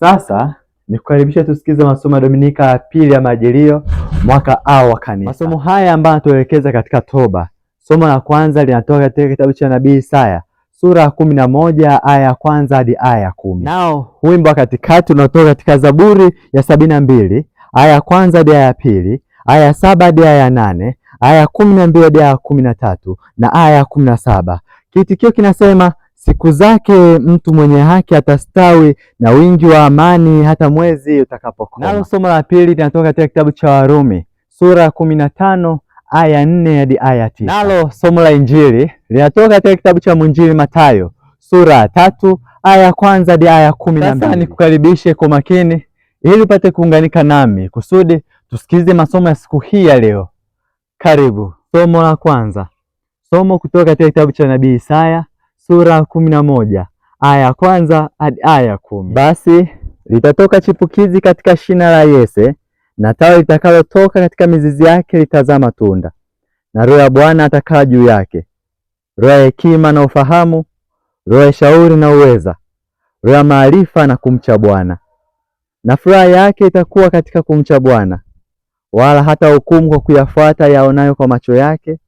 Sasa nikukaribisha tusikize masomo ya Dominika ya pili ya Majilio mwaka A wa kanisa. Masomo haya ambayo anatuelekeza katika toba. Somo la kwanza linatoka katika kitabu cha nabii Isaya sura ya kumi na moja aya ya kwanza hadi aya ya kumi. Nao wimbo wa katikati unatoka katika Zaburi ya sabini na mbili aya ya kwanza hadi aya ya pili, aya ya saba hadi aya ya nane, aya ya kumi na mbili hadi aya ya kumi na tatu na aya ya kumi na saba. Kiitikio kinasema Siku zake mtu mwenye haki atastawi na wingi wa amani hata mwezi utakapokoma. Nalo somo la pili linatoka katika kitabu cha Warumi sura ya kumi na tano aya nne hadi aya tisa. Nalo somo la injili linatoka katika kitabu cha mwinjili Mathayo sura ya tatu aya ya kwanza hadi aya kumi na mbili. Sasa nikukaribishe kwa makini ili upate kuunganika nami kusudi tusikize masomo ya siku hii ya leo. Karibu. Somo la kwanza, somo kutoka katika kitabu cha nabii Isaya sura kumi na moja aya ya kwanza hadi aya ya kumi Basi litatoka chipukizi katika shina la Yese, na tawi litakalotoka katika mizizi yake litazaa matunda, na roho ya Bwana atakaa juu yake, roho ya hekima na ufahamu, roho ya shauri na uweza, roho ya maarifa na kumcha Bwana. Na furaha yake itakuwa katika kumcha Bwana, wala hata hukumu kwa kuyafuata yaonayo kwa macho yake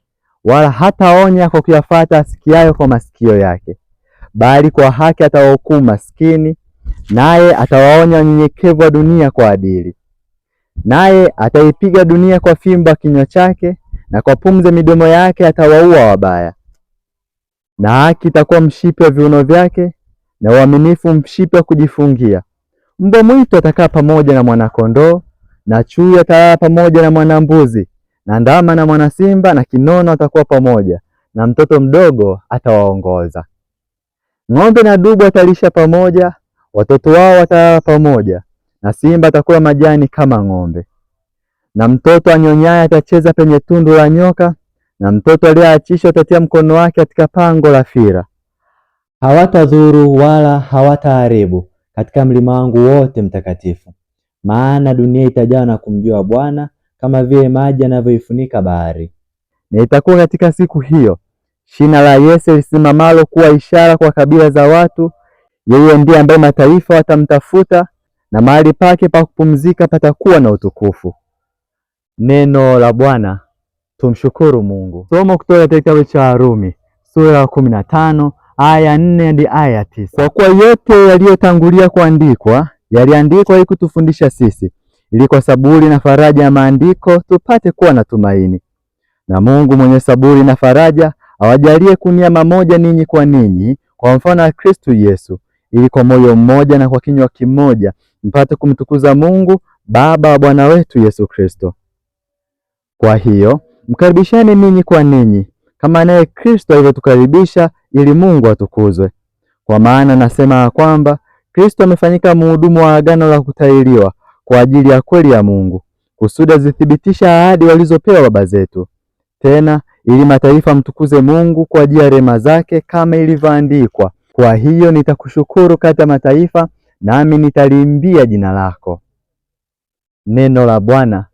wala hataonya kwa kuyafata asikiayo kwa masikio yake, bali kwa haki atawahukumu maskini, naye atawaonya wanyenyekevu wa dunia kwa adili. Naye ataipiga dunia kwa fimbo ya kinywa chake, na kwa pumze midomo yake atawaua wabaya. Na haki itakuwa mshipi wa viuno vyake, na uaminifu mshipi wa kujifungia. Mbwa mwitu atakaa pamoja na mwanakondoo, na chui atalala pamoja na mwanambuzi na ndama na mwana simba na kinono watakuwa pamoja, na mtoto mdogo atawaongoza. Ng'ombe na dubu watalisha pamoja, watoto wao watalala pamoja, na simba atakula majani kama ng'ombe. Na mtoto anyonyaye atacheza penye tundu la nyoka, na mtoto aliyeachishwa atatia mkono wake katika pango la fira. Hawatadhuru wala hawataharibu katika mlima wangu wote mtakatifu, maana dunia itajaa na kumjua Bwana kama vile maji yanavyoifunika bahari. Na itakuwa katika siku hiyo shina la Yese lisimamalo kuwa ishara kwa kabila za watu, yeye ndiye ambaye mataifa watamtafuta, na mahali pake pa kupumzika patakuwa na utukufu. Neno la Bwana. Tumshukuru Mungu. Somo kutoka katika kitabu cha Warumi sura ya kumi na tano aya nne hadi aya tisa. Kwa kuwa yote yaliyotangulia kuandikwa yaliandikwa ili kutufundisha sisi ili kwa saburi na faraja ya maandiko tupate kuwa na tumaini. Na Mungu mwenye saburi na faraja awajalie kunia mamoja ninyi kwa ninyi kwa mfano wa Kristo Yesu, ili kwa moyo mmoja na kwa kinywa kimoja mpate kumtukuza Mungu Baba wa Bwana wetu Yesu Kristo. Kwa hiyo mkaribisheni ninyi kwa ninyi kama naye Kristo alivyotukaribisha ili Mungu atukuzwe. Kwa maana nasema ya kwamba Kristo amefanyika muhudumu wa agano la kutahiriwa kwa ajili ya kweli ya Mungu kusudi azithibitisha ahadi walizopewa baba zetu, tena ili mataifa mtukuze Mungu kwa ajili ya rehema zake kama ilivyoandikwa, kwa hiyo nitakushukuru kati ya mataifa, nami nitaliimbia jina lako. Neno la Bwana.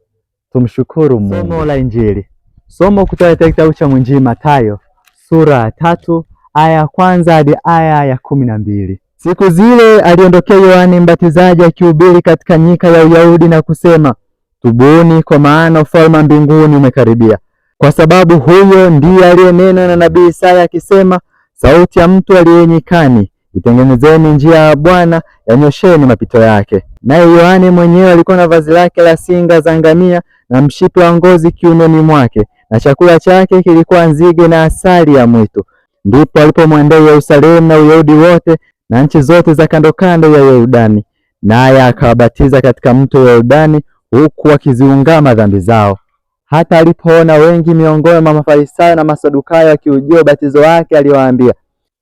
Tumshukuru Mungu. Somo la Injili. Somo kutoka katika kitabu cha mwinjili Mathayo sura ya tatu aya ya kwanza hadi aya ya kumi na mbili. Siku zile aliondokea Yohani Mbatizaji akihubiri katika nyika ya Uyahudi na kusema, tubuni kwa maana ufalme mbinguni umekaribia. Kwa sababu huyo ndiye aliyenena na nabii Isaya akisema, sauti ya mtu aliyenyikani itengenezeni njia ya Bwana, yanyosheni mapito yake. Naye Yohani mwenyewe alikuwa na vazi lake la singa za ngamia na mshipi wa ngozi kiunoni mwake, na chakula chake kilikuwa nzige na asali ya mwitu. Ndipo alipomwendea Yerusalemu na Uyahudi wote na nchi zote za kando kando ya Yordani, naye akawabatiza katika mto Yordani, huku akiziungama dhambi zao. Hata alipoona wengi miongoni mwa Mafarisayo na Masadukayo akiujia ubatizo wake, aliwaambia,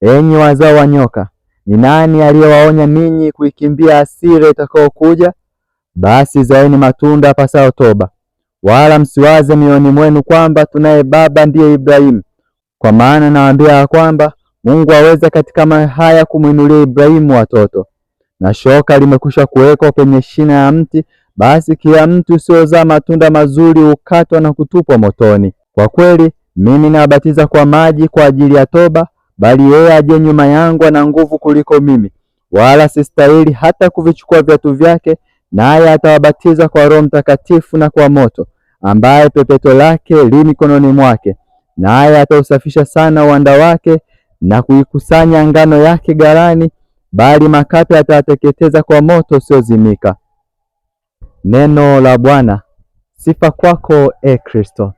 enyi wazao wa nyoka, ni nani aliyewaonya ninyi kuikimbia hasira itakayokuja? Basi zaeni matunda pasao toba, wala msiwaze mioyoni mwenu kwamba tunaye baba ndiye Ibrahimu, kwa maana nawaambia ya kwamba Mungu aweza katika haya kumwinulia Ibrahimu watoto. Na shoka limekwisha kuwekwa kwenye shina ya mti, basi kila mti usiozaa matunda mazuri ukatwa na kutupwa motoni. Kwa kweli mimi nawabatiza kwa maji kwa ajili ya toba, bali yeye aje nyuma yangu ana nguvu kuliko mimi, wala sistahili hata kuvichukua viatu vyake. Naye atawabatiza kwa Roho Mtakatifu na kwa moto, ambaye pepeto lake li mikononi mwake, naye atausafisha sana uwanda wake na kuikusanya ngano yake garani bali makapi atayateketeza kwa moto usiozimika. Neno la Bwana. Sifa kwako e Kristo.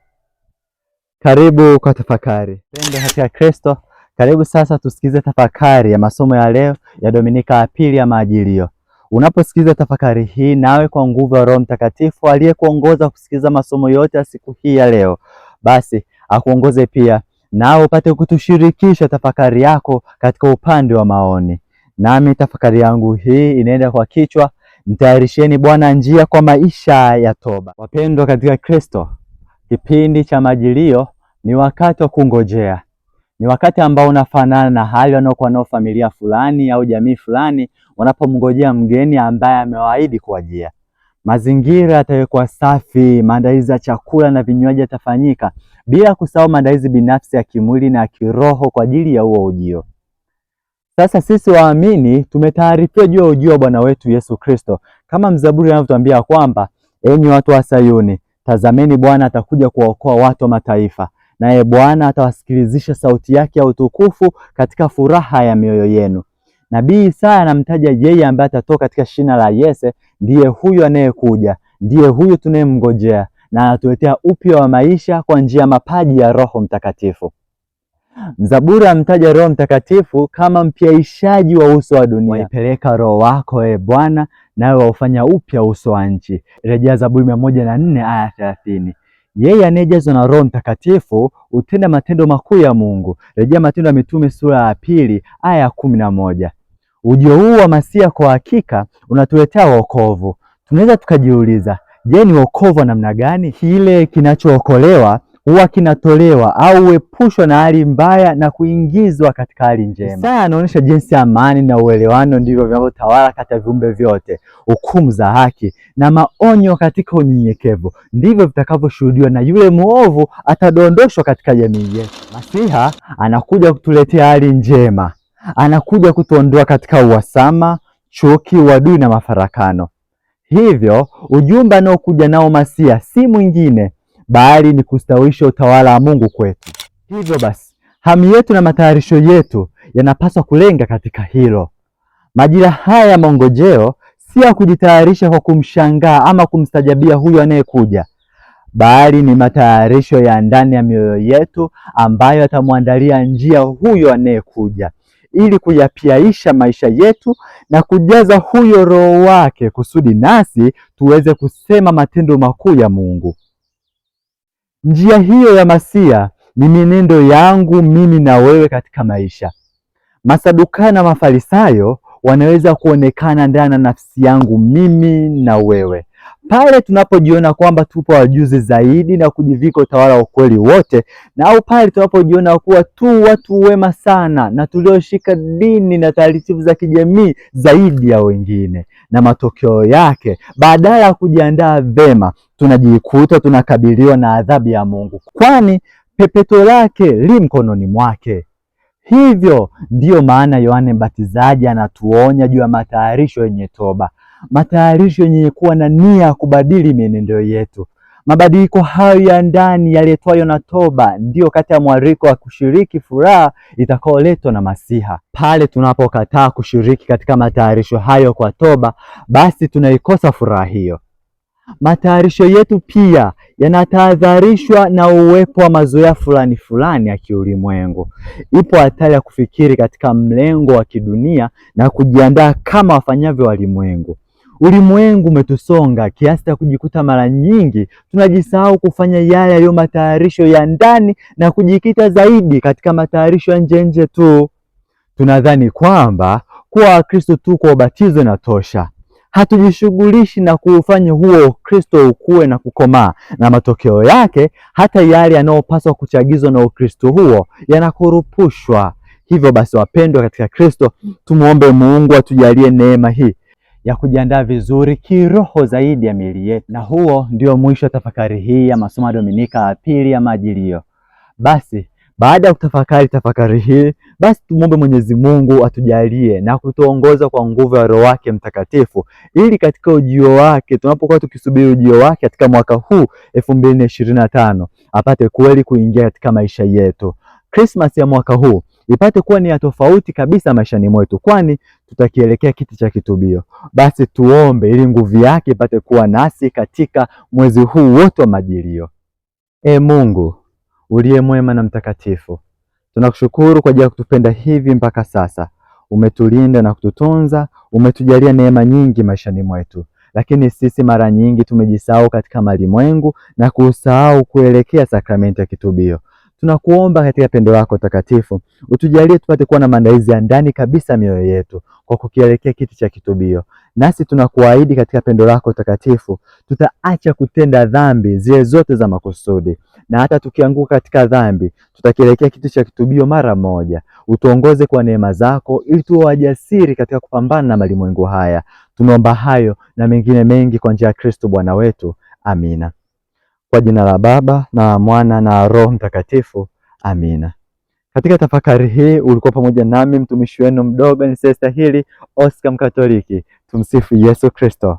Karibu kwa tafakari pendo katika Kristo. Karibu sasa tusikize tafakari ya masomo ya leo ya Dominika ya pili ya Majilio. Unaposikiza tafakari hii, nawe kwa nguvu ya Roho Mtakatifu aliyekuongoza kusikiza masomo yote ya siku hii ya leo, basi akuongoze pia nao upate kutushirikisha tafakari yako katika upande wa maoni. Nami tafakari yangu hii inaenda kwa kichwa mtayarisheni Bwana njia kwa maisha ya toba. Wapendwa katika Kristo, kipindi cha majilio ni wakati wa kungojea, ni wakati ambao unafanana na hali wanaokuwa nao familia fulani au jamii fulani wanapomngojea mgeni ambaye amewaahidi kuwajia. Mazingira yatawekwa safi, maandalizi ya chakula na vinywaji yatafanyika bila kusahau maandalizi binafsi ya kimwili na kiroho kwa ajili ya huo ujio. Sasa sisi waamini tumetaarifiwa juu ya ujio wa Bwana wetu Yesu Kristo, kama mzaburi anavyotuambia kwamba enyi watu wa Sayuni, tazameni Bwana atakuja kuwaokoa watu wa mataifa, naye Bwana atawasikilizisha sauti yake ya utukufu katika furaha ya mioyo yenu. Nabii Isaya anamtaja yeye ambaye atatoka katika shina la Yese, ndiye huyu anayekuja, ndiye huyu tunayemngojea, na anatuletea upya wa maisha kwa njia ya mapaji ya Roho Mtakatifu. Mzaburi amtaja Roho Mtakatifu kama mpyaishaji wa uso wa dunia. Waipeleka Roho wako e Bwana, nawe waufanya upya uso wa nchi. Rejea Zaburi mia moja na nne aya thelathini. Yeye anayejazwa na Roho Mtakatifu hutenda matendo makuu ya Mungu. Rejea Matendo ya Mitume sura ya pili aya ya kumi na moja. Ujio huu wa Masia kwa hakika unatuletea wokovu. Tunaweza tukajiuliza, Je, ni wokovu wa namna gani? Kile kinachookolewa huwa kinatolewa au huepushwa na hali mbaya na kuingizwa katika hali njema. Isaya anaonyesha jinsi amani na uelewano ndivyo vinavyotawala kati ya viumbe vyote. Hukumu za haki na maonyo katika unyenyekevu ndivyo vitakavyoshuhudiwa, na yule mwovu atadondoshwa katika jamii yetu. Masiha anakuja kutuletea hali njema, anakuja kutuondoa katika uhasama, chuki, uadui na mafarakano. Hivyo ujumbe anaokuja nao Masia si mwingine bali ni kustawisha utawala wa Mungu kwetu. Hivyo basi, hamu yetu na matayarisho yetu yanapaswa kulenga katika hilo. Majira haya ya maongojeo si ya kujitayarisha kwa kumshangaa ama kumstajabia huyo anayekuja, bali ni matayarisho ya ndani ya mioyo yetu ambayo yatamwandalia njia huyo anayekuja, ili kuyapiaisha maisha yetu na kujaza huyo Roho wake kusudi nasi tuweze kusema matendo makuu ya Mungu. Njia hiyo ya masia ni mienendo yangu mimi na wewe katika maisha. Masadukayo na Mafarisayo wanaweza kuonekana ndani ya nafsi yangu mimi na wewe. Pale tunapojiona kwamba tupo wajuzi zaidi na kujivika utawala wa ukweli wote, na au pale tunapojiona kuwa tu watu wema sana na tulioshika dini na taratibu za kijamii zaidi ya wengine, na matokeo yake badala ya kujiandaa vema, tunajikuta tunakabiliwa na adhabu ya Mungu, kwani pepeto lake li mkononi mwake. Hivyo ndiyo maana Yohane Mbatizaji anatuonya juu ya matayarisho yenye toba matayarisho yenye kuwa na nia ya kubadili mienendo yetu. Mabadiliko hayo ya ndani yaletwayo na toba ndiyo kati ya mwaliko wa kushiriki furaha itakaoletwa na Masiha. Pale tunapokataa kushiriki katika matayarisho hayo kwa toba, basi tunaikosa furaha hiyo. Matayarisho yetu pia yanatahadharishwa na uwepo wa mazoea fulani fulani ya kiulimwengu. Ipo hatari ya kufikiri katika mlengo wa kidunia na kujiandaa kama wafanyavyo walimwengu. Ulimwengu umetusonga kiasi cha kujikuta mara nyingi tunajisahau kufanya yale yaliyo matayarisho ya ndani na kujikita zaidi katika matayarisho ya nje nje tu. Tunadhani kwamba kuwa Wakristo tu kwa ubatizo inatosha. Hatujishughulishi na kuufanya huo Ukristo ukue na kukomaa, na matokeo yake hata yale yanayopaswa kuchagizwa na Ukristo huo yanakurupushwa. Hivyo basi, wapendwa katika Kristo, tumwombe Mungu atujalie neema hii ya kujiandaa vizuri kiroho zaidi ya miili yetu. Na huo ndio mwisho wa tafakari hii ya masomo ya Dominika ya pili ya Majilio. Basi baada ya kutafakari tafakari hii, basi tumwombe Mwenyezi Mungu atujalie na kutuongoza kwa nguvu ya Roho wake Mtakatifu, ili katika ujio wake, tunapokuwa tukisubiri ujio wake katika mwaka huu elfu mbili na ishirini na tano, apate kweli kuingia katika maisha yetu. Krismasi ya mwaka huu ipate kuwa ni ya tofauti kabisa maishani mwetu, kwani tutakielekea kiti cha kitubio. Basi tuombe ili nguvu yake ipate kuwa nasi katika mwezi huu wote wa majilio. E Mungu uliye mwema na mtakatifu, tunakushukuru kwa ajili ya kutupenda hivi mpaka sasa. Umetulinda na kututunza, umetujalia neema nyingi maishani mwetu, lakini sisi mara nyingi tumejisahau katika malimwengu na kusahau kuelekea sakramenti ya kitubio. Tunakuomba katika pendo lako takatifu utujalie tupate kuwa na maandalizi ya ndani kabisa mioyo yetu kwa kukielekea kiti cha kitubio, nasi tunakuahidi katika pendo lako takatifu tutaacha kutenda dhambi zile zote za makusudi, na hata tukianguka katika dhambi tutakielekea kiti cha kitubio mara moja. Utuongoze kwa neema zako, ili tuwe wajasiri katika kupambana na malimwengu haya. tunaomba hayo na mengine mengi kwa njia ya Kristo Bwana wetu, amina. Kwa jina la Baba na Mwana na Roho Mtakatifu, amina. Katika tafakari hii ulikuwa pamoja nami mtumishi wenu mdogo hili Oscar Mkatoliki. Tumsifu Yesu Kristo.